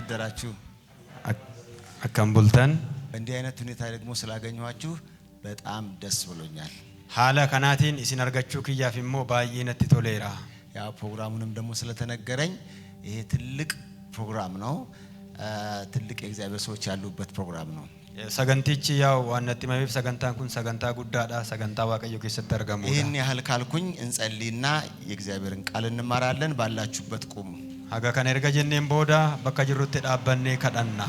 አደራችሁ። አካም ቡልተን እንዲህ አይነት ሁኔታ ደግሞ ስላገኘኋችሁ በጣም ደስ ብሎኛል። ሀለ ከናቲን እሲን አርገችሁ ክያፍ ሞ ባየነት ቶሌራ ያ ፕሮግራሙንም ደግሞ ስለተነገረኝ ይሄ ትልቅ ፕሮግራም ነው። ትልቅ የእግዚአብሔር ሰዎች ያሉበት ፕሮግራም ነው። ሰገንቲች ያው ዋነት መቤብ ሰገንታን ኩን ሰገንታ ጉዳዳ ሰገንታ ዋቀዮ ከሰት ተርገሙ ይህን ያህል ካልኩኝ እንጸልይና የእግዚአብሔርን ቃል እንማራለን። ባላችሁበት ቁሙ። Haga kana erga jenneen booda bakka jirrutti dhaabbannee kadhanna.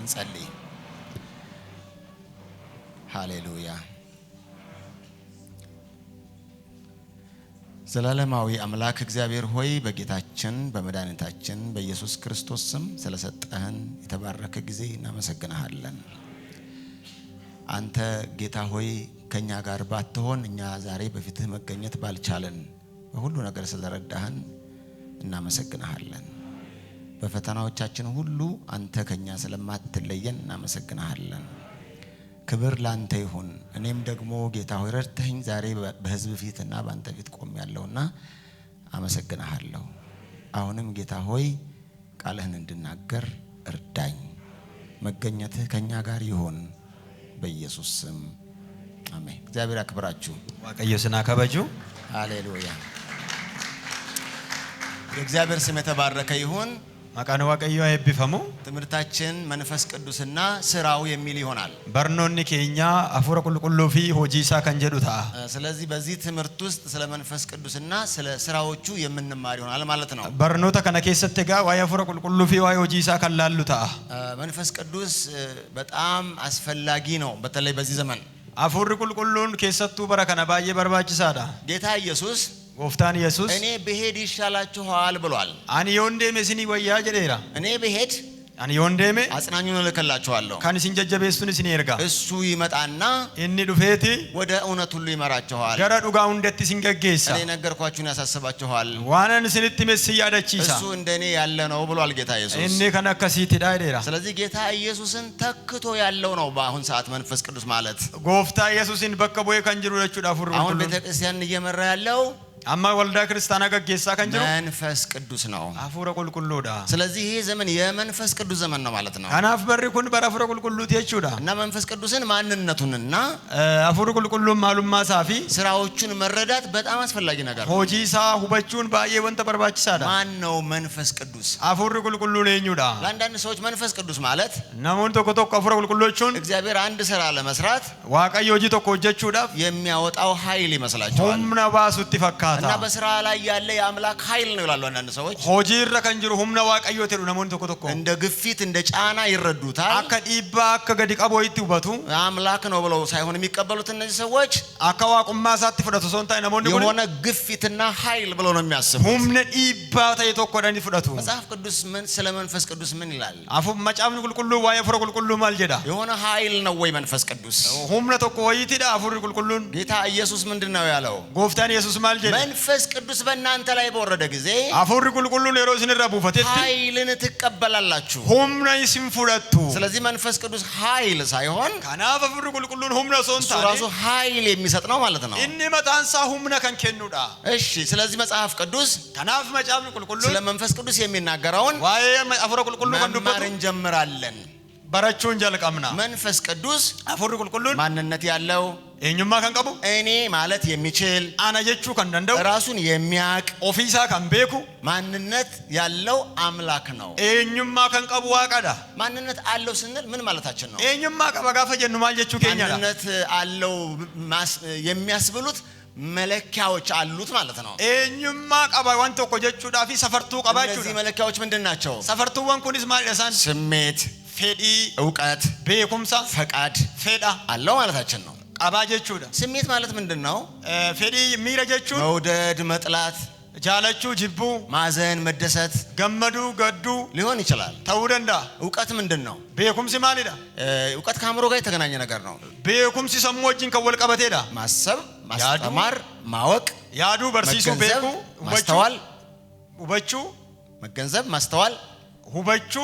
Insalli. ሃሌሉያ ዘላለማዊ አምላክ እግዚአብሔር ሆይ በጌታችን በመድኃኒታችን በኢየሱስ ክርስቶስ ስም ስለሰጠህን የተባረከ ጊዜ እናመሰግንሃለን። አንተ ጌታ ሆይ ከእኛ ጋር ባትሆን እኛ ዛሬ በፊትህ መገኘት ባልቻልን በሁሉ ነገር ስለረዳህን እናመሰግንሃለን። በፈተናዎቻችን ሁሉ አንተ ከኛ ስለማትለየን እናመሰግንሃለን። ክብር ላንተ ይሁን። እኔም ደግሞ ጌታ ሆይ ረድተኝ ዛሬ በህዝብ ፊትና በአንተ ፊት ቆም ያለውና አመሰግንሃለሁ። አሁንም ጌታ ሆይ ቃልህን እንድናገር እርዳኝ። መገኘትህ ከእኛ ጋር ይሁን በኢየሱስ ስም አሜን። እግዚአብሔር አክብራችሁ ዋቀየስና ከበጁ አሌሉያ የእግዚአብሔር ስም የተባረከ ይሁን። ማቃን ዋቀዮ አይብፈሙ ትምህርታችን መንፈስ ቅዱስና ስራው የሚል ይሆናል። በርኖኒ ኬኛ አፉረ ቁልቁሉ ፊ ሆጂሳ ከንጀዱታ። ስለዚህ በዚህ ትምህርት ውስጥ ስለ መንፈስ ቅዱስና ስለ ስራዎቹ የምንማር ይሆናል ማለት ነው። በርኖታ ከነ ኬሰቴ ጋ ዋይ አፉረ ቁልቁሉ ፊ ዋይ ሆጂሳ ከላሉታ። መንፈስ ቅዱስ በጣም አስፈላጊ ነው፣ በተለይ በዚህ ዘመን አፉሪ ቁልቁሉን ኬሰቱ በረከና ባየ በርባችሳዳ ጌታ ኢየሱስ ጎፍታን ኢየሱስ እኔ ብሄድ ይሻላችኋል ብሏል። አን የወንዴ ሜስኒ ወያ ጀዴራ እኔ ብሄድ አን የወንዴ አጽናኙን እልክላችኋለሁ ካን ሲንጀጀቤሱን ስኒ ኤርጋ እሱ ይመጣና እኒ ዱፌቲ ወደ እውነት ሁሉ ይመራችኋል። ገረ ዱጋ ሁንደት ሲንገጌሳ እኔ ነገርኳችሁን ያሳስባችኋል። ዋናን ስንት ሜስ ያደቺሳ እሱ እንደኔ ያለ ነው ብሏል ጌታ ኢየሱስ እኔ ከነከሲት ዳ ዴራ ስለዚህ ጌታ ኢየሱስን ተክቶ ያለው ነው በአሁን ሰዓት መንፈስ ቅዱስ ማለት ጎፍታ ኢየሱስን በከቦይ ከንጅሩ ለቹ ዳፉሩ አሁን ቤተክርስቲያን እየመራ ያለው አማ ወልዳ ክርስቲያና መንፈስ ቅዱስ ነው አፉረ ቁልቁሉዳ ስለዚህ ይህ ዘመን የመንፈስ ቅዱስ ዘመን ነው ማለት ነው። በሪ ኩን በራፉረ እና መንፈስ ቅዱስን ማንነቱንና አፉረ ቁልቁሉ ማሉማ ሳፊ ስራዎቹን መረዳት በጣም አስፈላጊ ነገር ነው። ሆጂሳ ሁበቹን ባየ ወንተ ማን ነው መንፈስ ቅዱስ አፉረ ቁልቁሉ ለአንዳንድ ሰዎች መንፈስ ቅዱስ ማለት ነሞን ቶኮ ቶኮ አፉረ ቁልቁሎቹን እግዚአብሔር አንድ ስራ ለመስራት ቶኮ ጀቹዳ የሚያወጣው ኃይል ይመስላቸዋል። ሁምና ባሱት ይፈካ እና በስራ ላይ ያለ የአምላክ ኃይል ነው ይላሉ አንዳንድ ሰዎች። ሆጂ እረ ከንጅሩ ሁምና ዋቀዮ ተሩ ነሞን ቶኮ ቶኮ እንደ ግፊት እንደ ጫና ይረዱታል። አከ ዲባ አከ ገዲ ቀቦ ይትውበቱ አምላክ ነው ብለው ሳይሆን የሚቀበሉት እነዚህ ሰዎች አከ ዋቁማ ሳት ፍደቱ ሶንታ ነሞን ዲቦ የሆነ ግፊትና ኃይል ብለው ነው የሚያስቡት። ሁምነ ዲባ ተይ ቶኮ ዳኒ ፍደቱ መጽሐፍ ቅዱስ ምን ስለ መንፈስ ቅዱስ ምን ይላል? አፉ መጫምን ቁልቁሉ ዋየ ፍሮ ቁልቁሉ ማልጀዳ የሆነ ኃይል ነው ወይ መንፈስ ቅዱስ ሁምነ ቶኮ ወይቲዳ አፉሪ ቁልቁሉን ጌታ ኢየሱስ ምንድነው ያለው? ጎፍታን ኢየሱስ ማልጀዳ መንፈስ ቅዱስ በእናንተ ላይ በወረደ ጊዜ አፉሪ ቁልቁሉ ሲነራ ቡፈቴ ኃይልን ትቀበላላችሁ ሁምና ይስም ስለዚህ መንፈስ ቅዱስ ኃይል ሳይሆን ከናፍ አፉሪ ቁልቁሉን ሁምና ሶንታ ራሱ ኃይል የሚሰጥ ነው ማለት ነው። እኒ መጣንሳ ሁምና ከንኬኑዳ እሺ። ስለዚህ መጽሐፍ ቅዱስ ከናፍ መጫብ ቁልቁሉ ስለ መንፈስ ቅዱስ የሚናገረውን ዋይ አፉሪ ቁልቁሉ መማር እንጀምራለን። በረቹን ጀልቀምና መንፈስ ቅዱስ አፉሪ ቁልቁሉን ማንነት ያለው eenyummaa kan እኔ ማለት የሚችል አና jechuu kan ራሱን የሚያቅ ofiisaa kan ማንነት ያለው አምላክ ነው። eenyummaa kan qabu ማንነት አለው ስንል ምን ማለታችን ነው? eenyummaa qaba gaafa jennu maal jechuu ማንነት አለው የሚያስብሉት መለኪያዎች አሉት ማለት ነው። ኤኙማ ቀባ ዋን ቶኮ ጀቹዳፊ ሰፈርቱ ቀባቹ እነዚህ መለኪያዎች ምንድን ናቸው? ሰፈርቱዋን ኩኒስ ማለሳን ስሜት፣ ፌዲ፣ እውቀት፣ ቤኩምሳ፣ ፈቃድ፣ ፌዳ አለው ማለታችን ነው። አባጀቹ ስሜት ማለት ምንድን ነው? ፌዲ የሚረጀቹ መውደድ፣ መጥላት ጃለቹ ጅቡ ማዘን መደሰት ገመዱ ገዱ ሊሆን ይችላል። ተውደንዳ እውቀት ምንድን ነው? ቤኩምሲ ማሊዳ እውቀት ከአእምሮ ጋር የተገናኘ ነገር ነው። ቤኩምሲ ሰሞጅን ከወልቀበቴዳ ማሰብ፣ ማስተማር፣ ማወቅ ያዱ በርሲሱ ቤኩ ማስተዋል ውበቹ መገንዘብ ማስተዋል ሁበቹ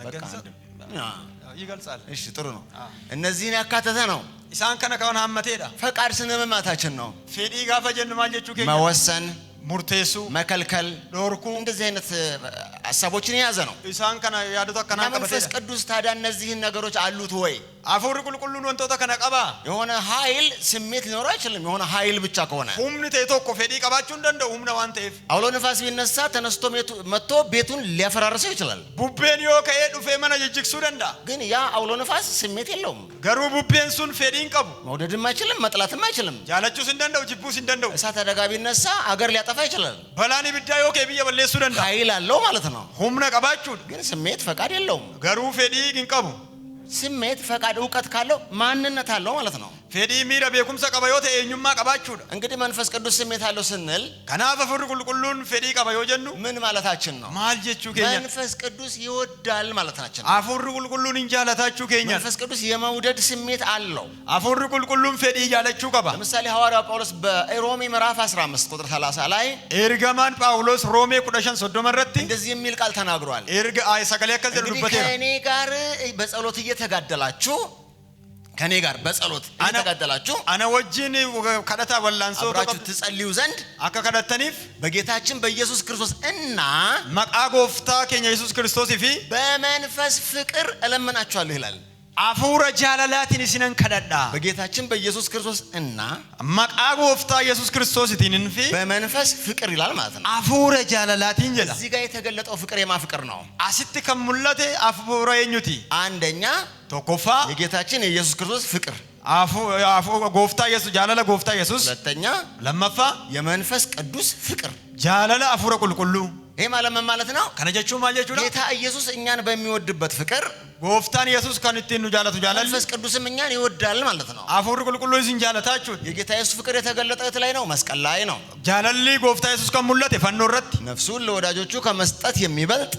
መገንዘብ ይገልጻል። እሺ ጥሩ ነው። እነዚህን ያካተተ ነው። ኢሳን ከነ ከሆነ አመቴዳ ፈቃድ ስንመማታችን ነው። ፌዲ ጋፈ መወሰን ሙርቴሱ መከልከል ዶርኩ እንደዚህ አይነት ሀሳቦችን የያዘ ነው። ኢሳን ከነ ያደታ ከና መንፈስ ቅዱስ ታዲያ እነዚህን ነገሮች አሉት ወይ? አፈሪ ቁልቁሉን ወንቶታ ከነቀባ የሆነ ኃይል ስሜት ሊኖረው አይችልም። የሆነ ኃይል ብቻ ከሆነ ሁምኒ ቴ ፌዲ ቀባችሁ እንደንደው ሁምነ ዋንቴፍ አውሎ ንፋስ ቢነሳ ተነስቶ መጥቶ ቤቱን ሊያፈራርሰው ይችላል። ቡቤን ዮ ከኤ ዱፌ መነ ጅጅግሱ ደንዳ ግን ያ አውሎ ነፋስ ስሜት የለውም። ገሩ ቡቤን ሱን ፌዲን ቀቡ መውደድም አይችልም፣ መጥላትም አይችልም። ጃለቹስ እንደንደው ጅቡስ እንደንደው እሳት አደጋ ቢነሳ አገር ሊያጠፋ ይችላል። በላኒ ብዳ ዮ ከብየ በሌሱ ደንዳ ኃይል አለው ማለት ነው። ሁምነ ቀባችሁ ግን ስሜት ፈቃድ የለውም። ገሩ ፌዲ ግን ቀቡ ስሜት፣ ፈቃድ፣ እውቀት ካለው ማንነት አለው ማለት ነው። ፌዲሚ ቤኩምሰ ቀበዮተ ኤኙማ ቀባችሁዳ እንግዲህ መንፈስ ቅዱስ ስሜት አለው ስንል ከናፈ ፍር ቁልቁሉን ፌዲ ቀበዮ ጀኑ ምን ማለታችን ነው? ማል ጀቹ ኬኛ መንፈስ ቅዱስ ይወዳል ማለታችን ነው። አፉር ቁልቁሉን እንጃለታችሁ ኬኛ መንፈስ ቅዱስ የመውደድ ስሜት አለው። አፉር ቁልቁሉን ፌዲ እያለችሁ ቀባ ለምሳሌ ሐዋርያው ጳውሎስ በሮሜ ምዕራፍ 15 ቁጥር 30 ላይ ኤርገማን ጳውሎስ ሮሜ ቁደሸን ሶዶ መረቲ እንደዚህ የሚል ቃል ተናግሯል። ኤርገ አይ ሰከለ ከዘሩበት ከእኔ ጋር በጸሎት እየተጋደላችሁ ከኔ ጋር በጸሎት እየተከተላችሁ አነ ወጅን ከደታ በላንሶ አብራችሁ ትጸልዩ ዘንድ አከ ከደተኒፍ በጌታችን በኢየሱስ ክርስቶስ እና መቃ ጎፍታ ኬኛ ኢየሱስ ክርስቶስ ይፊ በመንፈስ ፍቅር እለምናችኋለሁ ይላል። አፉረ ጃለላቲን እስነን ከደዳ በጌታችን በኢየሱስ ክርስቶስ እና መቃ ጎፍታ ኢየሱስ ክርስቶስ ቲንን ፊ በመንፈስ ፍቅር ይላል ማለት ነው። አፉረ ጃለላቲን ጀላ እዚህ ጋር የተገለጠው ፍቅር የማ ፍቅር ነው? አስት ከሙለቴ አፉረ የኙቲ አንደኛ ቶኮፋ የጌታችን የኢየሱስ ክርስቶስ ፍቅር ጎፍታ ጃለላ ጎፍታ ኢየሱስ፣ ሁለተኛ ለመፋ የመንፈስ ቅዱስ ፍቅር ጃለላ አፉረ ቁልቁሉ ይሄ ማለት ማለት ነው? ከነጀቹ ማጀቹ ጌታ ኢየሱስ እኛን በሚወድበት ፍቅር ጎፍታን ኢየሱስ ከንቲኑ ጃለቱ ጃለል መንፈስ ቅዱስም እኛን ይወዳል ማለት ነው። አፉር ቁልቁሎ ይዝን ጃለታችሁ የጌታ ኢየሱስ ፍቅር የተገለጠ የት ላይ ነው? መስቀል ላይ ነው። ጃለሊ ጎፍታ ኢየሱስ ከሙለት የፈኖረት ነፍሱን ለወዳጆቹ ከመስጠት የሚበልጥ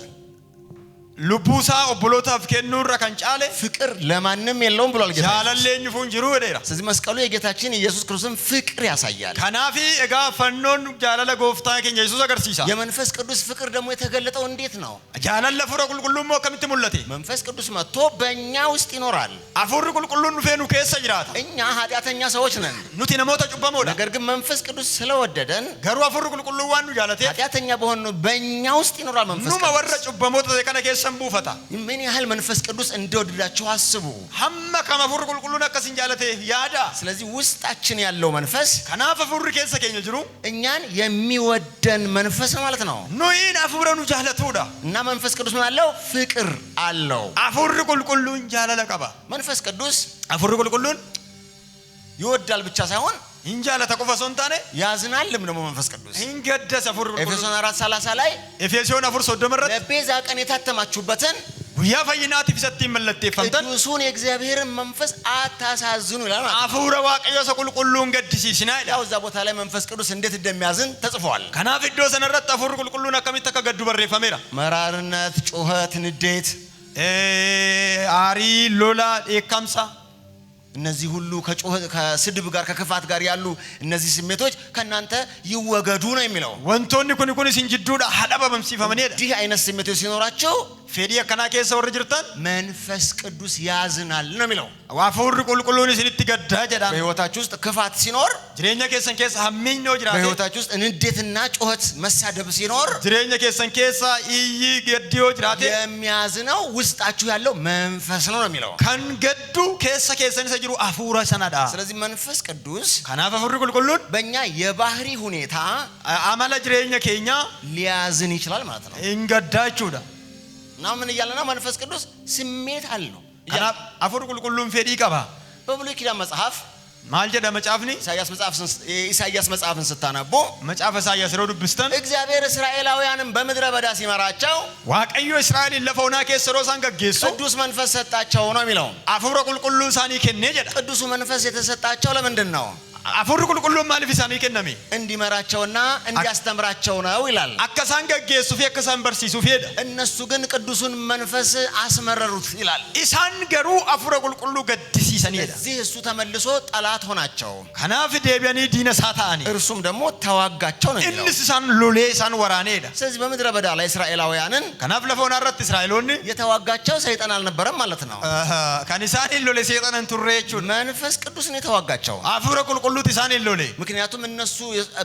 ልቡሳ ኦቦሎታፍ ከኑራ ከንጫለ ፍቅር ለማንም የለውም ብሏል ጌታ። ጃለለኝ ፉን ጅሩ ወደራ። ስለዚህ መስቀሉ የጌታችን ኢየሱስ ክርስቶስን ፍቅር ያሳያል። ከናፊ እጋ ፈኖን ጃለለ ጎፍታ ከኛ ኢየሱስ አገርሲሳ። የመንፈስ ቅዱስ ፍቅር ደግሞ የተገለጠው እንዴት ነው? ጃለለ ፉረ ቁልቁሉም ወከምት ሙለቴ መንፈስ ቅዱስ መጥቶ በእኛ ውስጥ ይኖራል። አፉር ቁልቁሉን ፌኑ ከሰ ጅራታ እኛ ኃጢአተኛ ሰዎች ነን። ኑቲ ነሞተ ጩበሞ ነገር ግን መንፈስ ቅዱስ ስለወደደን ገሩ አፉር ቁልቁሉ ዋኑ ጃለቴ ኃጢአተኛ በሆነ በእኛ ውስጥ ይኖራል መንፈስ ቅዱስ ኑ ከሰ ሰንቡ ፈታ ምን ያህል መንፈስ ቅዱስ እንደወደዳችሁ አስቡ። ሀመ ከመፉር ቁልቁሉን አቀስ እንጃለቴ ያዳ ስለዚህ ውስጣችን ያለው መንፈስ ከናፈ ፉር ኬሰ ኬኘ ጅሩ እኛን የሚወደን መንፈስ ነው ማለት ነው። ኑይን አፉረኑ ጃለቱዳ እና መንፈስ ቅዱስ ምን አለው? ፍቅር አለው። አፉር ቁልቁሉን ጃለለ ቀባ መንፈስ ቅዱስ አፉር ቁልቁሉን ይወዳል ብቻ ሳይሆን እንጃለ ተቆፈ ሶንታኔ ያዝናልም ደግሞ መንፈስ ቅዱስ እንገደሰ ፍሩ ኤፌሶን 4:30 ላይ ኤፌሶን አፍር ሶዶ መረት ለቤዛ ቀን የታተማችሁበትን ጉያ ፈይናት ይፈሰት ይመለጥ ይፈንተን ቅዱሱን የእግዚአብሔርን መንፈስ አታሳዝኑ ይላል። አፉረ ዋቀዮ ሰቁልቁሉን ገድሲ ሲና ያው እዛ ቦታ ላይ መንፈስ ቅዱስ እንዴት እንደሚያዝን ተጽፏል። ከናፍ ሰነረት አፉር ቁልቁሉን አከሚት ተከገዱ በሬፈሜራ መራርነት፣ ጩኸት፣ ንዴት፣ አሪ ሎላ የካምሳ እነዚህ ሁሉ ከስድብ ጋር ከክፋት ጋር ያሉ እነዚህ ስሜቶች ከእናንተ ይወገዱ ነው የሚለው። ወንቶኒ ኩን ሲንጅዱ ሲንጅዱዳ ሀዳባ በምሲፈመኔ እንዲህ አይነት ስሜቶች ሲኖራቸው ፌዲ ከናኬ ሰው ርጅርታን መንፈስ ቅዱስ ያዝናል ነው የሚለው ዋፈውር ቁልቁሉን ስንት ገዳ ጀዳ በህይወታችሁ ውስጥ ክፋት ሲኖር ጅሬኛ ኬሰን ኬሳ ሀሚኞ ጅራ በህይወታችሁ ውስጥ እንዴትና ጩኸት መሳደብ ሲኖር ጅሬኛ ኬሰን ኬሳ እይ ገዲዮ ጅራቴ የሚያዝነው ውስጣችሁ ያለው መንፈስ ነው ነው የሚለው ከንገዱ ኬሰ ኬሰን ሰጅሩ አፉራ ሰናዳ ስለዚህ መንፈስ ቅዱስ ከናፈ ሁር ቁልቁሉን በእኛ የባህሪ ሁኔታ አማላ ጅሬኛ ኬኛ ሊያዝን ይችላል ማለት ነው እንገዳችሁ ዳ እና ምን እያለና መንፈስ ቅዱስ ስሜት አለው አፉን ቁልቁሉን ፌዲ ቀባ በብሉይ ኪዳን መጽሐፍ ማል ጀደ መጽሐፍኒ ኢሳያስ መጽሐፍን ስታነቦ መጽሐፈ ኢሳያስ ረዱ ብስተን እግዚአብሔር እስራኤላውያንን በምድረ በዳ ሲመራቸው ዋቀዮ እስራኤል ለፈውና ከሰሮ ሳንገ ቅዱስ መንፈስ ሰጣቸው ነው የሚለው አፍሮ ቁልቁሉ ሳኒ ከኔ ጀደ ቅዱሱ መንፈስ የተሰጣቸው ለምንድን ነው? አፉር ቁልቁሉም ማለፍ ይሳኒ ከነሚ እንዲመራቸውና እንዲያስተምራቸው ነው ይላል። አከሳን ገጌሱ ፈከሳን በርሲሱ ሄደ። እነሱ ግን ቅዱሱን መንፈስ አስመረሩት ይላል። ኢሳን ገሩ አፉረ ቁልቁሉ ገድስ ይሰኒ ሄደ። እዚህ እሱ ተመልሶ ጠላት ሆናቸው። ከናፍ ዴቢያኒ ዲነ ሳታኒ እርሱም ደግሞ ተዋጋቸው ነው የሚለው። እንስሳን ሎሌ ኢሳን ወራኔ ሄደ። ስለዚህ በምድረ በዳ ላይ እስራኤላውያንን ከናፍ ለፈውን አረት እስራኤሎኒ የተዋጋቸው ሰይጣን አልነበረም ማለት ነው። ከኒሳኒ ሎሌ ሰይጣንን ቱሬቹ መንፈስ ቅዱስን የተዋጋቸው አፉረ ቁልቁሉ ሁሉት ኢሳኔ ሎሌ ምክንያቱም እነሱ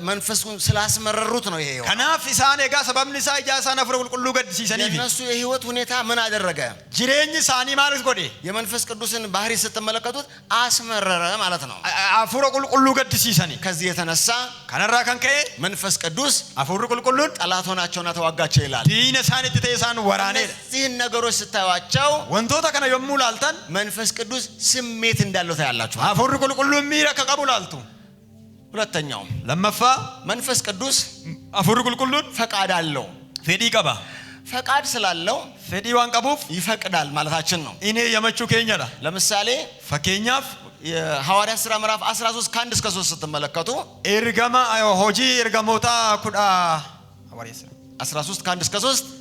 መንፈሱን ስላስመረሩት ነው። ይሄው ከናፍ ኢሳኔ ጋር ሰበብን ኢሳ ኢጃሳ ነፍረ ቁልቁሉ ገድ ገድሲሰኒ የእነሱ የህይወት ሁኔታ ምን አደረገ? ጅሬኝ ሳኒ ማለት ጎዴ የመንፈስ ቅዱስን ባህሪ ስትመለከቱት አስመረረ ማለት ነው። አፉረ ቁልቁሉ ገድ ሲሰኒ ከዚህ የተነሳ ከነራ ከንከዬ መንፈስ ቅዱስ አፉሩ ቁልቁሉን ጠላት ሆናቸውና ተዋጋቸው ይላል። ዲነ ሳኒ ጥቴ ሳን ወራኔ እነዚህን ነገሮች ስታዩዋቸው ወንቶታ ከነ የሙላልተን መንፈስ ቅዱስ ስሜት እንዳለው ታያላችሁ። አፉሩ ቁልቁሉ ሚራ ከቀቡላልቱ ሁለተኛው ለመፋ መንፈስ ቅዱስ አፈሩ ቁልቁሉን ፈቃድ አለው ፌዲ ቀባ ፈቃድ ስላለው ፌዲ ዋን ይፈቅዳል ማለታችን ነው። እኔ የመቹ ኬኛ ለምሳሌ ፈኬኛፍ የሐዋርያ ሥራ ምዕራፍ 13 ከአንድ እስከ 3 ስትመለከቱ ኤርገማ ሆጂ ኤርገሞታ ኩዳ ሐዋርያ ሥራ 13 ከአንድ እስከ 3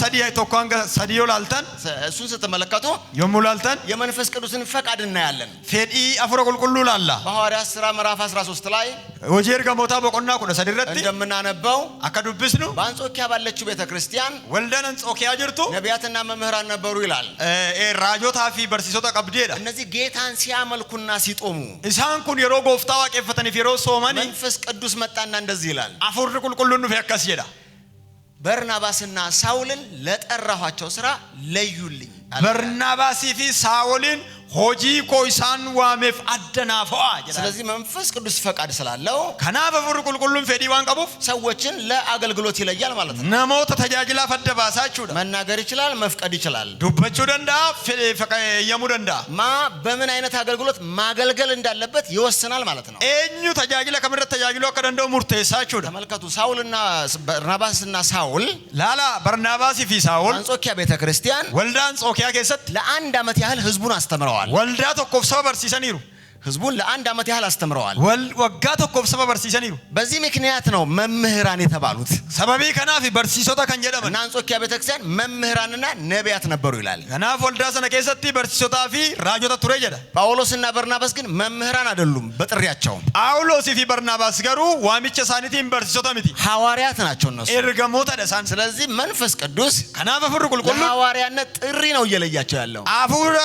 ሰዲ አይቶኳን ሰዲዮ ላልተን እሱን ስትመለከቱ የሙላልተን የመንፈስ ቅዱስን ፈቃድ እናያለን። ፌዲ አፍረ ቁልቁሉ ላላ በሐዋርያት ሥራ ምዕራፍ 13 ላይ ወጀር ገሞታ በቆና ኩነ ሰዲረት እንደምናነበው አከዱብስ ነው። በአንጾኪያ ባለችው ቤተ ክርስቲያን ወልደን አንጾኪያ ጅርቱ ነቢያትና መምህራን ነበሩ ይላል። ራጆታ ፊ በርሲሶታ ቀብዴ እነዚህ ጌታን ሲያመልኩና ሲጦሙ እሳን ኩን የሮ ጎፍታ ዋቄፈተን ፊሮ ሶመኒ መንፈስ ቅዱስ መጣና እንደዚህ ይላል አፉር ቁልቁሉ ኑ ያካስ ይላል በርናባስና ሳውልን ለጠራኋቸው ስራ ለዩልኝ። በርናባስ ፊት ሳውልን ሆጂ ኮይሳን ዋሜፍ አደናፈዋ። ስለዚህ መንፈስ ቅዱስ ፈቃድ ስላለው ከናፈ ቁልቁሉም ፌዲ ዋን ሰዎችን ለአገልግሎት ይለያል ማለት ነው። ነሞተ ተጃጅላ ፈደባሳችሁ መናገር ይችላል፣ መፍቀድ ይችላል። ዱበቹ ደንዳ የሙ ደንዳ ማ በምን አይነት አገልግሎት ማገልገል እንዳለበት ይወስናል ማለት ነው። እኙ ተጃጅላ ከምረት ተጃጅሎ ከደንዶ ሙርቴሳችሁ ተመልከቱ። ሳውልና በርናባስና ሳውል ላላ በርናባስ ፊ ሳውል አንጾኪያ ቤተክርስቲያን ወልዳ አንጾኪያ ኬሰት ለአንድ ዓመት ያህል ህዝቡን አስተምረዋል። ይለዋል። ወልዳ tokkofsaa ህዝቡን ለአንድ ዓመት ያህል አስተምረዋል። ወጋ tokkoof saba barsiisaniiru በዚህ ምክንያት ነው መምህራን የተባሉት። ሰበቢ ከናፍ በርሲሶታ ከን እና አንጾኪያ ቤተክርስቲያን መምህራንና ነቢያት ነበሩ ይላል። ከናፍ ወልዳ ሰነ keessatti barsiisotaa fi raajota ture jedha ጳውሎስና በርናባስ ግን መምህራን አይደሉም በጥሪያቸው። ጳውሎስ fi በርናባስ ገሩ ዋሚቸ ሳኒቲን በርሲሶታ ሚቲ ሐዋርያት ናቸው እነሱ ergamoota dha ስለዚህ መንፈስ ቅዱስ ከናፍ ፍሩ ቁልቁሉ ሐዋርያነት ጥሪ ነው እየለያቸው ያለው አፉራ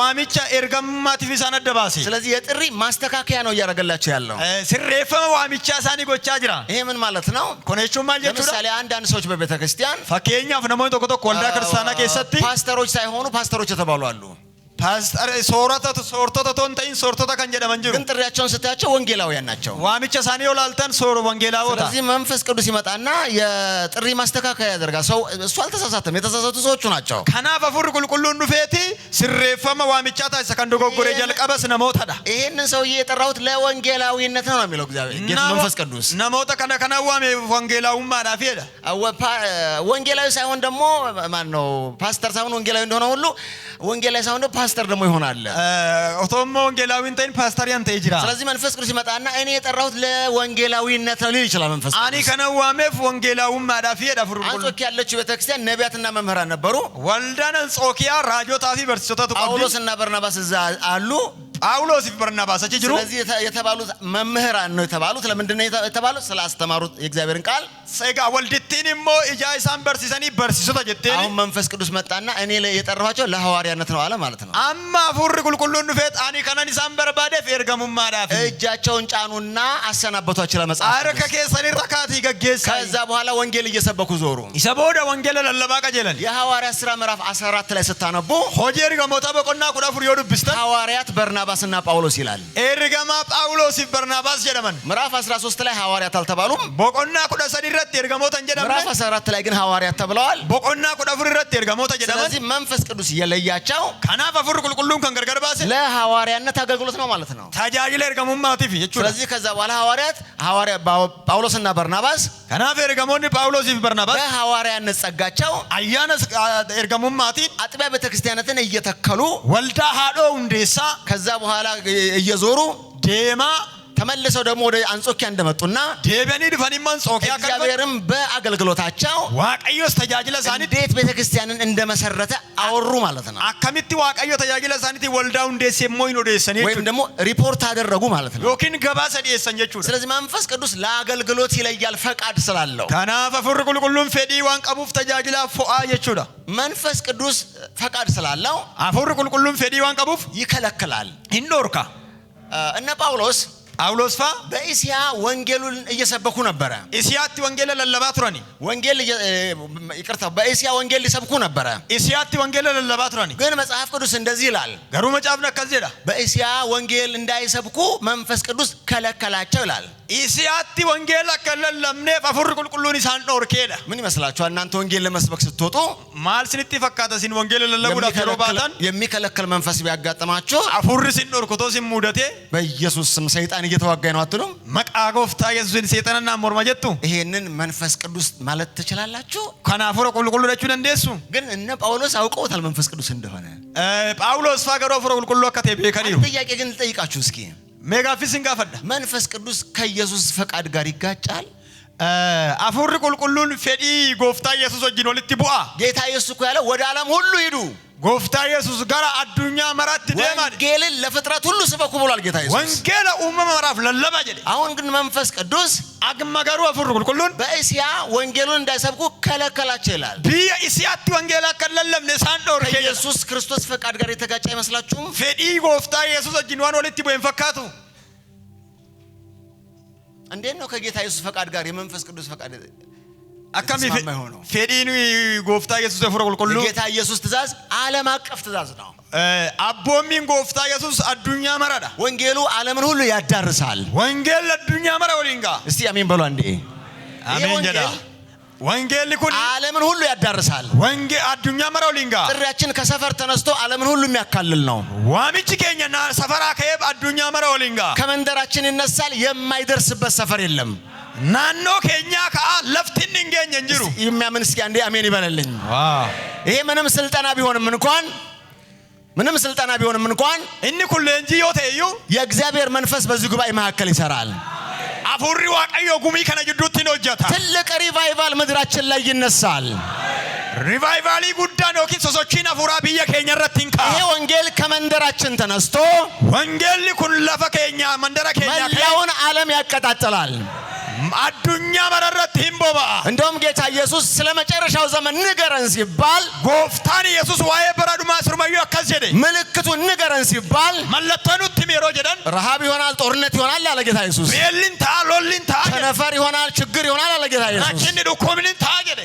ዋሚቸ ergamaatif isaan adda ስለዚህ የጥሪ ማስተካከያ ነው እያደረገላቸው ያለው። ሲሬፈመ ዋሚቻ ሳኒ ጎቻ ጅራ ይሄ ምን ማለት ነው? ኮኔቹ ጀቹ ለምሳሌ አንዳንድ ሰዎች በቤተክርስቲያን ፈኬኛ ፍነሞኝ ቶኮቶ ወልዳ ክርስቲያና ኬሰቲ ፓስተሮች ሳይሆኑ ፓስተሮች የተባሉ አሉ። ሶረተቱ ሶርቶተ ቶንተኢን ሶርቶተ ከን ጀደመን ጅሩ ግን ጥሪያቸውን ስታያቸው ወንጌላውያን ናቸው። ዋሚቸ ሳኒ ኦላልተን ሶር ወንጌላዎታ። ስለዚህ መንፈስ ቅዱስ ይመጣና የጥሪ ማስተካከያ ያደርጋል። ሰው እሱ አልተሳሳተም፣ የተሳሳቱ ሰዎቹ ናቸው። ከናፍ ፉር ቁልቁሉን ዱፌቲ ሲሬፈመ ዋሚቻ ታይሰ ከን ዶጎጎሬ ጀልቀበስ ነሞተዳ ይህንን ሰውዬ የጠራሁት ለወንጌላዊነት ነው ነው የሚለው እግዚአብሔር ጌታ መንፈስ ቅዱስ ነሞተ ከነ ከነ ዋሜ ወንጌላውማ ዳፊ ሄደ ወንጌላዊ ሳይሆን ደግሞ ማን ነው ፓስተር ሳይሆን ወንጌላዊ እንደሆነ ሁሉ ወንጌላዊ ሳይሆን ደግሞ ፓስተር ደግሞ ይሆናል። ኦቶሞ ወንጌላዊ እንተን ፓስተር ያንተ ይጅራ። ስለዚህ መንፈስ ቅዱስ ይመጣና እኔ የጠራሁት ለወንጌላዊነት ነው ሊል ይችላል። መንፈስ ቅዱስ አኒ ከነዋሜፍ ወንጌላዊ ማዳፊ የዳፍሩ አንጾኪያ ያለችው ቤተክርስቲያን ነቢያትና መምህራን ነበሩ። ወልዳን አንጾኪያ ራጆታፊ በርሲቶታ ጳውሎስና በርናባስ እዛ አሉ። ጳውሎስ በርናባስ አቺ ጅሩ ስለዚህ የተባሉት መምህራን ነው የተባሉት። ለምንድን ነው የተባሉት? ስላስተማሩት የእግዚአብሔርን ቃል ሰጋ ወልድቲን ሞ ኢያይሳን በርሲሰኒ በርሲሶ ጀቴኒ አሁን መንፈስ ቅዱስ መጣና እኔ የጠራኋቸው ለሐዋርያነት ነው አለ ማለት ነው። አማ ፉር ቁልቁሉን ፌት አኒ ከነን ኢሳን በርባደ ፈርገሙ ማዳፊ እጃቸውን ጫኑና አሰናበቷቸው ለመጻፍ አረከ ከሰኒ ረካት ይገገስ ከዛ በኋላ ወንጌል እየሰበኩ ዞሩ ይሰበውደ ወንጌል ለለባቀ ጀለን የሐዋርያ ሥራ ምዕራፍ 14 ላይ ስታነቡ ሆጀሪ ሪገሞታ በቆና ቁዳፉር ይወዱ ብስተ ሐዋርያት በርና በርናባስና ጳውሎስ ይላል። ኤርገማ ጳውሎስ በርናባስ ጀደመን ምዕራፍ 13 ላይ ሐዋርያት አልተባሉም። ቦቆና ቁደ ሰዲ ኤርገሞተን ጀደመን ምዕራፍ 14 ላይ ግን ሐዋርያት ተብለዋል። ቦቆና ቁደ ፍሪ ኤርገሞተ ጀደመን። ስለዚህ መንፈስ ቅዱስ እየለያቸው ከናፈ ፍር ቁልቁሉን ከንገርገር ለሐዋርያነት አገልግሎት ነው ማለት ነው። ታጃጅለ ኤርገሙማ ቲፍ ይቹ። ስለዚህ ከዛ በኋላ ሐዋርያት ሐዋርያ ጳውሎስና በርናባስ ከናፈ ኤርገሞኒ ጳውሎስ ይፍ በርናባስ በሐዋርያነት ጸጋቸው አያነስ ኤርገሙማቲ አጥቢያ ቤተክርስቲያናትን እየተከሉ ወልዳ ሃዶ ሁንዴሳ ከዛ በኋላ እየዞሩ ዴማ ተመልሰው ደግሞ ወደ አንጾኪያ እንደመጡና ዴበኒ ድፈኒም አንጾኪያ እግዚአብሔርም በአገልግሎታቸው ዋቀዮ ተጃጅለ ሳኒ እንዴት ቤተ ክርስቲያንን እንደመሰረተ አወሩ ማለት ነው። አከሚቲ ዋቀዮ ተጃጅለ ሳኒቲ ወልዳው እንዴስ የሞይን ወደሰኔ ወይም ደግሞ ሪፖርት አደረጉ ማለት ነው። ሎኪን ገባ ሰዲ ጀቹ። ስለዚህ መንፈስ ቅዱስ ለአገልግሎት ይለያል ፈቃድ ስላለው። ተናፈ ፍር ቁልቁሉን ፌዲ ዋን ቀቡፍ ተጃጅለ ፎአ ጀቹዳ መንፈስ ቅዱስ ፈቃድ ስላለው አፈር ቁልቁሉን ፌዲ ዋን ቀቡፍ ይከለክላል። ኢንዶርካ እነ ጳውሎስ አውሎስፋ በእስያ ወንጌሉን እየሰበኩ ነበረ። እስያቲ ወንጌለ ለለባ ወንጌል ይቅርታ፣ በእስያ ወንጌል ሊሰብኩ ነበረ። ለለባ ግን መጽሐፍ ቅዱስ እንደዚህ ይላል። ገሩ መጽሐፍ በእስያ ወንጌል እንዳይሰብኩ መንፈስ ቅዱስ ከለከላቸው ይላል። ኢሲያቲ ወንጌላ ከለለምኔ ፈፉር ቁልቁሉን ኢሳን ዶርኬዳ ምን ይመስላችኋል እናንተ ወንጌል ለመስበክ ስትወጡ ማል ስንቲ ፈካታ ሲን ወንጌል ለለጉዳ ተሮባታን የሚከለከል መንፈስ ቢያጋጥማችሁ አፉር ሲን ዶርኩቶ ሲን ሙደቴ በኢየሱስ ስም ሰይጣን እየተዋጋኝ ነው አትሉም? መቃጎፍታ የዙን ሰይጣንና ሞርማ ይሄንን መንፈስ ቅዱስ ማለት ትችላላችሁ። ከናፉረ ቁልቁሉ ደቹ እንደሱ ግን እነ ጳውሎስ አውቀውታል መንፈስ ቅዱስ እንደሆነ ጳውሎስ ፋገሮ ፉረ ቁልቁሉ ከቴ ቤከሪው ጥያቄ ግን ልጠይቃችሁ እስኪ ሜጋፊስ እንጋፈዳ መንፈስ ቅዱስ ከኢየሱስ ፈቃድ ጋር ይጋጫል። አፉሪ ቁልቁሉን ፌዲ ጎፍታ ኢየሱስ ወጅን ወልቲ ቡአ ጌታ ኢየሱስ እኮ ያለ ወደ ዓለም ሁሉ ሂዱ ጎፍታ ኢየሱስ ጋር አዱኛ መራት ደማ ወንጌልን ለፍጥረት ሁሉ ስበኩ ብሏል ጌታ ኢየሱስ። ወንጌለ ኡመመ መራፍ ለለባ ጀደ አሁን ግን መንፈስ ቅዱስ አግመገሩ አፍሩ ቁልቁሉን በእስያ ወንጌሉን እንዳይሰብኩ ከለከላቸው ይላል። ቢየ እስያቲ ወንጌላ ከለለም ለሳን ዶር ከኢየሱስ ክርስቶስ ፈቃድ ጋር የተጋጨ አይመስላችሁም? ፌዲ ጎፍታ ኢየሱስ እጅን ወልቲ ቦይን ፈካቱ እንዴት ነው ከጌታ ኢየሱስ ፈቃድ ጋር የመንፈስ ቅዱስ ፈቃድ አካሚ ፌዲኑ ጎፍታ ኢየሱስ ዘፍሮ ቁልቁሉ የጌታ ኢየሱስ ትእዛዝ ዓለም አቀፍ ትእዛዝ ነው። አቦሚን ጎፍታ ኢየሱስ አዱኛ መራዳ ወንጌሉ ዓለምን ሁሉ ያዳርሳል። ወንጌል አዱኛ መራ ወሊንጋ እስቲ አሜን በሉ አንዴ አሜን ጀዳ ወንጌል ልኩን ዓለምን ሁሉ ያዳርሳል። ወንጌ አዱኛ መራው ሊንጋ ጥሪያችን ከሰፈር ተነስቶ ዓለምን ሁሉ የሚያካልል ነው። ዋሚች ኬኛና ሰፈራ ከየብ አዱኛ መራው ሊንጋ ከመንደራችን ይነሳል። የማይደርስበት ሰፈር የለም። ናኖ ኬኛ ከአ ለፍትን እንገኘ እንጅሩ የሚያምን እስኪ አንዴ አሜን ይበለልኝ። ይሄ ምንም ስልጠና ቢሆንም እንኳን ምንም ስልጠና ቢሆንም እንኳን እኒ ኩል እንጂ ዮቴዩ የእግዚአብሔር መንፈስ በዚህ ጉባኤ መካከል ይሰራል። አፉሪ ዋቀዮ ጉሚ ከነ ጅዱቲ ነው ትልቅ ሪቫይቫል ምድራችን ላይ ይነሳል። ሪቫይቫሊ ነው ዮኪን ሶሶቺን አፉራ ብየ ኬኛ ይሄ ወንጌል ከመንደራችን ተነስቶ ወንጌል ኩን ለፈ ኬኛ መንደራ ኬኛ መላውን ዓለም ያቀጣጥላል። አዱኛ መረረት ሂምቦባ እንደውም ጌታ ኢየሱስ ስለ መጨረሻው ዘመን ንገረን ሲባል ጎፍታን ኢየሱስ ዋዬ ምልክቱ ንገረን ሲባል ረሃብ ይሆናል፣ ጦርነት ይሆናል አለ ጌታ ኢየሱስ። ቸነፈር ይሆናል፣ ችግር ይሆናል አለ ጌታ ኢየሱስ።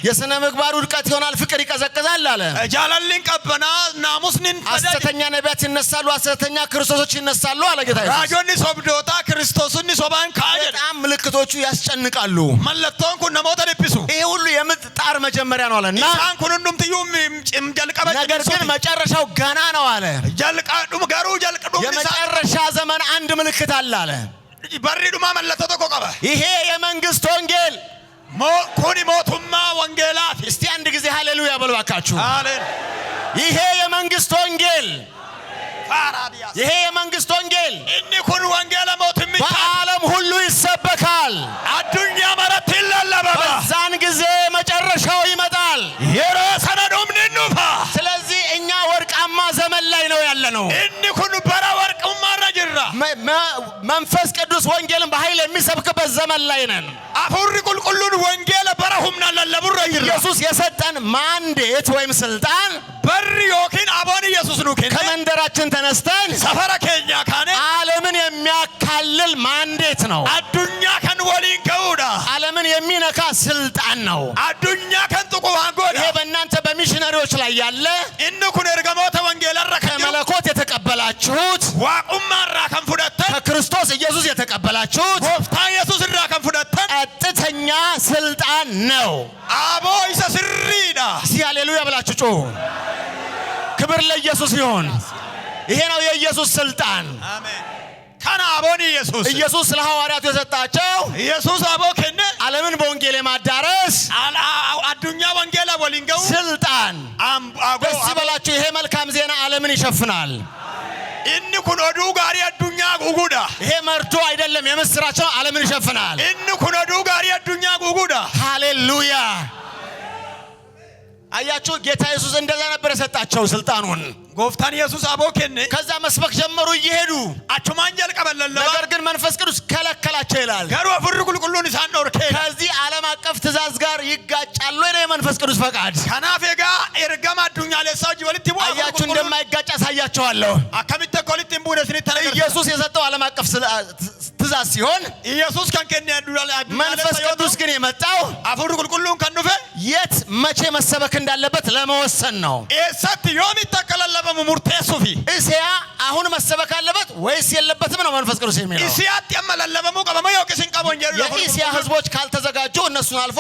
የሥነ ምግባር ውድቀት ይሆናል፣ ፍቅር ይቀዘቅዛል አለ። ሐሰተኛ ነቢያት ይነሳሉ፣ ሐሰተኛ ክርስቶሶች ይነሳሉ አለ ጌታ ኢየሱስ። በጣም ምልክቶቹ ያስጨንቃሉ። ይሄ ሁሉ የምጥ ጣር መጀመሪያ ነው አለና ነገር ግን መጨረሻው ቃና ነው አለ። የመጨረሻ ዘመን አንድ ምልክት አለ አለ። በሪዱማ ይሄ የመንግስት ወንጌል ኩኒ ሞቱማ ወንጌላት። እስቲ አንድ ጊዜ ሃሌሉያ በሉ አካችሁ። ይሄ የመንግስት ወንጌል ይሄ የመንግስት ወንጌል እኒ ኩን ወንጌለ ቅዱስ ወንጌልን በኃይል የሚሰብክበት ዘመን ላይ ነን። አፉሪ ቁልቁሉን ወንጌለ በረሁምና ለለቡረ ኢየሱስ የሰጠን ማንዴት ወይም ስልጣን በር ዮኪን አቦን ኢየሱስ ኑ ከመንደራችን ተነስተን ሰፈረ ኬኛ ካኔ ዓለምን የሚያካልል ማንዴት ነው። አዱኛ ከን ወሊን ከውዳ ዓለምን የሚነካ ስልጣን ነው። አዱኛ ከን ጥቁ አንጎዳ ይሄ በእናንተ በሚሽነሪዎች ላይ ያለ እንኩን እርገሞተ ወንጌል አረከ ከመለኮት የተቀበላችሁት ዋቁማ ከንፉደተ ከክርስቶስ የተቀበላችሁት ጎፍታ ኢየሱስ ቀጥተኛ ስልጣን ነው። አቦ ይሰ ስሪዳ እስቲ ብላችሁ ጩሁ። ክብር ለኢየሱስ ይሄ ነው የኢየሱስ ስልጣን። ከና ኢየሱስ ኢየሱስ የሰጣቸው ኢየሱስ አቦ ከነ ዓለምን በወንጌል የማዳረስ አዱኛ ስልጣን ይሄ መልካም ዜና ዓለምን ይሸፍናል። ኢንኩን ኦዱ ጋሪ አዱኛ ጉጉዳ ይሄ መርዶ አይደለም፣ የምስራቸው ዓለምን ይሸፍናል። ኢንኩን ኦዱ ጋሪ አዱኛ ጉጉዳ ሃሌሉያ። አያችሁ ጌታ ኢየሱስ እንደዛ ነበር የሰጣቸው ስልጣኑን። ጎፍታን ኢየሱስ አቦ ከዛ መስበክ ጀመሩ እየሄዱ አቹማን ጀልቀበለለ ነገር ግን መንፈስ ቅዱስ ከለከላቸው ይላል። ገሩ ፍር ቁልቁሉን ኢሳን ዶርኬ ከዚህ ዓለም አቀፍ ትእዛዝ ጋር ይጋጫሉ ነው የመንፈስ ቅዱስ ፈቃድ ከናፌ ጋ ኤርገማ አዱኛ ለሳው ጅ ወልቲ እንደማይጋጭ አሳያቸዋለሁ። ኢየሱስ የሰጠው ዓለም አቀፍ ትእዛዝ ሲሆን ኢየሱስ መንፈስ ቅዱስ ግን የመጣው የት መቼ መሰበክ እንዳለበት ለመወሰን ነው። እስያ አሁን መሰበክ አለበት ወይስ የለበትም ነው መንፈስ ቅዱስ የሚለው። የእስያ ህዝቦች ካልተዘጋጁ እነሱን አልፎ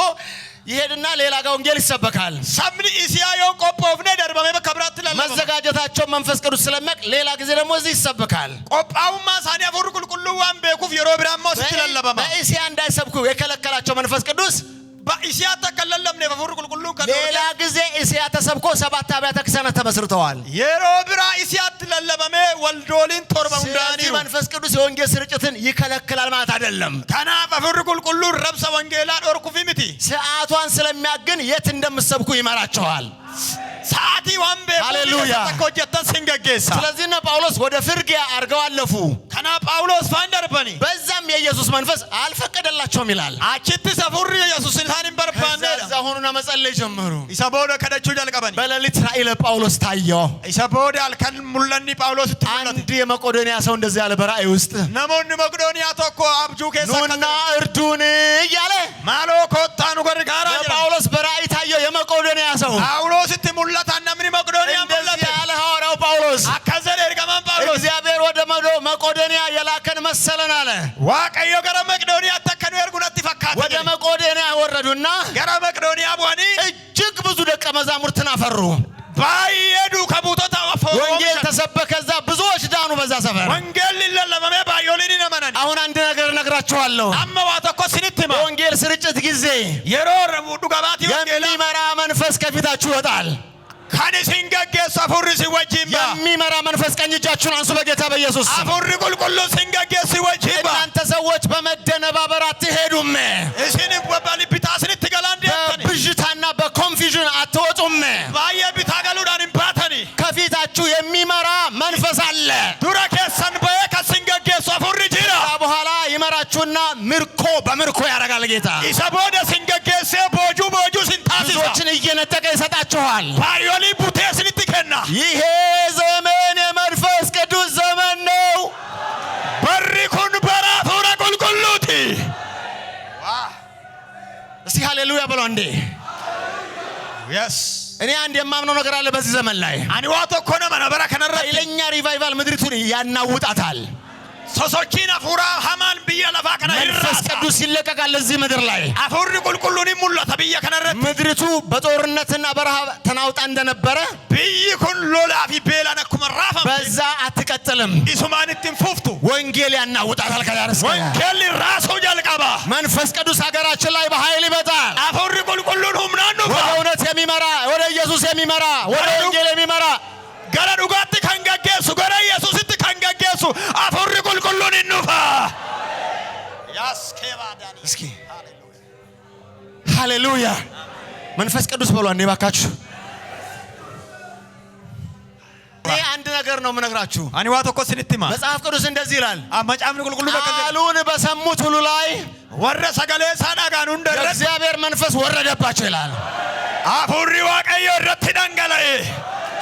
ይሄድና ሌላ ጋር ወንጌል ይሰበካል። ሰምን እስያ የቆጶ ብነ ደርባም በከብራት ለለ መዘጋጀታቸው መንፈስ ቅዱስ ስለሚያውቅ ሌላ ጊዜ ደግሞ እዚህ ይሰበካል። ቆጳው ማሳኒ አፈሩ ቁልቁሉ ዋን በኩፍ የሮብራማው ስትላለበማ በእስያ እንዳይሰብኩ የከለከላቸው መንፈስ ቅዱስ በእስያተ ከለለም ነው በፉርቁል ሁሉ ሌላ ጊዜ እስያተ ተሰብኮ ሰባት አብያተ ክርስቲያናት ተመስርተዋል። የሮ ብራ እስያት ወልዶሊን ጦርበ ሁንዳኒ መንፈስ ቅዱስ የወንጌል ስርጭትን ይከለክላል ማለት አይደለም። ታና በፉርቁል ሁሉ ረብሰ ወንጌላ ዶርኩፊ ሚቲ ሰዓቷን ስለሚያግን የት እንደምትሰብኩ ይመራቸዋል። ሰዓቲ ዋንቤ ሃሌሉያ ተቆጀተን ሲንገጌሳ ስለዚህ ነው ጳውሎስ ወደ ፍርግያ አድርገው አለፉ። ከና ጳውሎስ ፋንደርበኒ በዛም የኢየሱስ መንፈስ አልፈቀደላቸውም ይላል። አቺት ሰፉሪ ኢየሱስ ልታንም በርባን እዛ ሆኑና መጸለይ ጀመሩ። ኢሰቦደ ከደቹ ጀልቀበኒ በሌሊት ራእይ ለጳውሎስ ታየው። ኢሰቦደ አልከን ሙለኒ ጳውሎስ አንድ የመቄዶንያ ሰው እንደዚህ ያለ በራእይ ውስጥ ነሞን መቄዶንያ ቶኮ አብጁ ከሰከተ እርዱን እያለ ማሎ ኮታኑ ጋር ጋራ ጳውሎስ በራእይ ታየው የመቄዶንያ ሰው ጳውሎስ ትሙል የላከን መሰለን አለ ዋቀዮ ገረ መቅዶንያ ተከኑ የርጉነት ይፈካት ወደ መቆዶንያ ወረዱና ገረ መቅዶንያ ቦኒ እጅግ ብዙ ደቀ መዛሙርትን አፈሩ። ባየዱ ተወፈ ወንጌል ተሰበከ። እዛ ብዙዎች ዳኑ። በዛ ሰፈር ወንጌል ሊለለመሜ ባዮሊኒ ነመነን አሁን አንድ ነገር እነግራችኋለሁ። አመዋተ ተኮ ሲንትማ ወንጌል ስርጭት ጊዜ የሮ ረቡ ዱጋባት የሚመራ መንፈስ ከፊታችሁ ይወጣል። ከንሲንገጌ የሚመራ መንፈስ ቀኝ እጃችሁን አንሱ በጌታ በኢየሱስ አፉሪ ቁልቁሉ ሲንገጌ ሲወጂማ እናንተ ሰዎች በመደነባበር አትሄዱም። እሲን በባልቢታስን ትገላንዴ በብዥታና በኮንፊዥን አትወጡም። ባየ ቢታገሉዳን ባተኒ ከፊታችሁ የሚመራ መንፈስ አለ። ዱረ ኬሰን በየ ከሲንገጌ ሰፉሪ ጅራ በኋላ ይመራችሁና ምርኮ በምርኮ ያደርጋል ጌታ ኢሰቦደ ሲንገጌሴ ቦጁ ልጆችን እየነጠቀ ይሰጣችኋል። ይሄ ዘመን የመንፈስ ቅዱስ ዘመን ነው። በሪኩን በራፉረ ቁልቁሉቲ እስቲ ሃሌሉያ ብሎ እንዴ እኔ አንድ የማምነው ነገር አለ በዚህ ዘመን ላይ አንዋቶ ኮነ መነበራ ከነራ ይለኛ ሪቫይቫል ምድሪቱን ያናውጣታል። መንፈሶችን አፉራ ሀማን ብየ ለፋ ቀነ መንፈስ ቅዱስ ይለቀቃል እዚህ ምድር ላይ አፉሪ ቁልቁሉን ሙላ ተብየ ከነረት ምድሪቱ በጦርነትና በረሃብ ተናውጣ እንደነበረ ብይ ኩሉ ላፊ ቤላን አኩመ ራፈ በዛ አትቀጥልም ኢሱማንትን ፉፍቱ ወንጌል ያናውጣታል ከዳርስ ወንጌል ራሱ ጀልቀባ መንፈስ ቅዱስ ሀገራችን ላይ በኃይል ይመጣል። አፉሪ ቁልቁሉን ሁምናኑ ወደ እውነት የሚመራ ወደ ኢየሱስ የሚመራ ወደ ወንጌል የሚመራ ገረ ዱጋቲ ከንገጌሱ ራሱ አፈር ቆልቆሎን ይኑፋ። እስኪ ሃሌሉያ መንፈስ ቅዱስ በሏ። እኔ ባካችሁ አንድ ነገር ነው የምነግራችሁ። አኒዋ እኮ ስንትማ መጽሐፍ ቅዱስ እንደዚህ ይላል። ቁልቁሉ ቃሉን በሰሙት ሁሉ ላይ ወረ ሰገሌ ሳናጋኑ እንደረ እግዚአብሔር መንፈስ ወረደባቸው ይላል። አፉሪ ዋቀዮ ረቲ ደንገለይ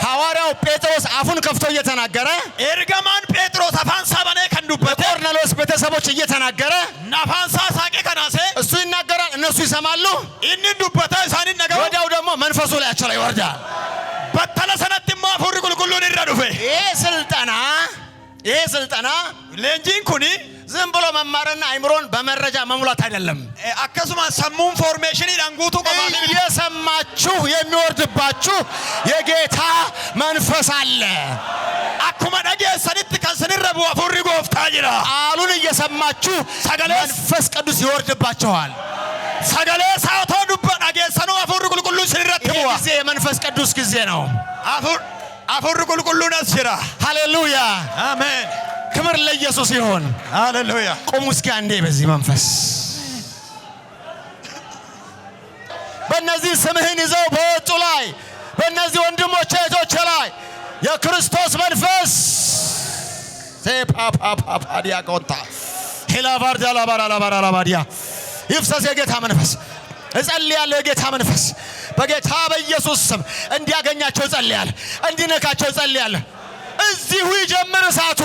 ሐዋርያው ጴጥሮስ አፉን ከፍቶ እየተናገረ ኤርገማን ጴጥሮስ አፋንሳ በኔ ከንዱበት ቆርኔሌዎስ ቤተሰቦች እየተናገረ ናፋንሳ ሳቄ ከናሴ እሱ ይናገራል፣ እነሱ ይሰማሉ። ኢንን ዱበታ እሳንን ወዲያው ደግሞ መንፈሱ ላያቸው ላይ ይወርዳል። በተለሰነትማ አፉሪ ቁልቁሉን ይረዱፌ ይህ ስልጠና ይሄ ስልጠና ሌንጂን ኩኒ ዝም ብሎ መማርና አይምሮን በመረጃ መሙላት አይደለም። አከሱማ ሰሙን ፎርሜሽን ዳንጉቱ እየሰማችሁ የሚወርድባችሁ የጌታ መንፈስ አለ። አኩመ ደጌሰኒት ከንስንረቡ አፉሪ ጎፍታ ጅራ ቃሉን እየሰማችሁ መንፈስ ቅዱስ ይወርድባችኋል። ሰገሌ ሳቶ ዱበ ደጌሰኑ አፉሪ ቁልቁሉ ስንረትበዋ ጊዜ የመንፈስ ቅዱስ ጊዜ ነው። አፈር ቁልቁሉን አስችራ። ሃሌሉያ አሜን። ክብር ለኢየሱስ ይሁን። ሃሌሉያ ቆሙ እስኪ አንዴ በዚህ መንፈስ በእነዚህ ስምህን ይዘው በወጡ ላይ በእነዚህ ወንድሞች እህቶች ላይ የክርስቶስ መንፈስ ሴፓፓፓዲያ ቆንታ ላባራ ላባራ ላባዲያ ይፍሰስ የጌታ መንፈስ እጸልያለሁ የጌታ መንፈስ በጌታ በኢየሱስ ስም እንዲያገኛቸው ጸልያለሁ፣ እንዲነካቸው ጸልያለሁ። እዚሁ ይጀምር እሳቱ፣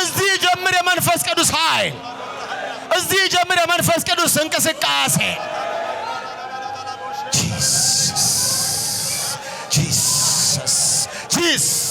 እዚህ ይጀምር የመንፈስ ቅዱስ ኃይል፣ እዚህ ይጀምር የመንፈስ ቅዱስ እንቅስቃሴ። ጂሰስ ጂሰስ ጂሰስ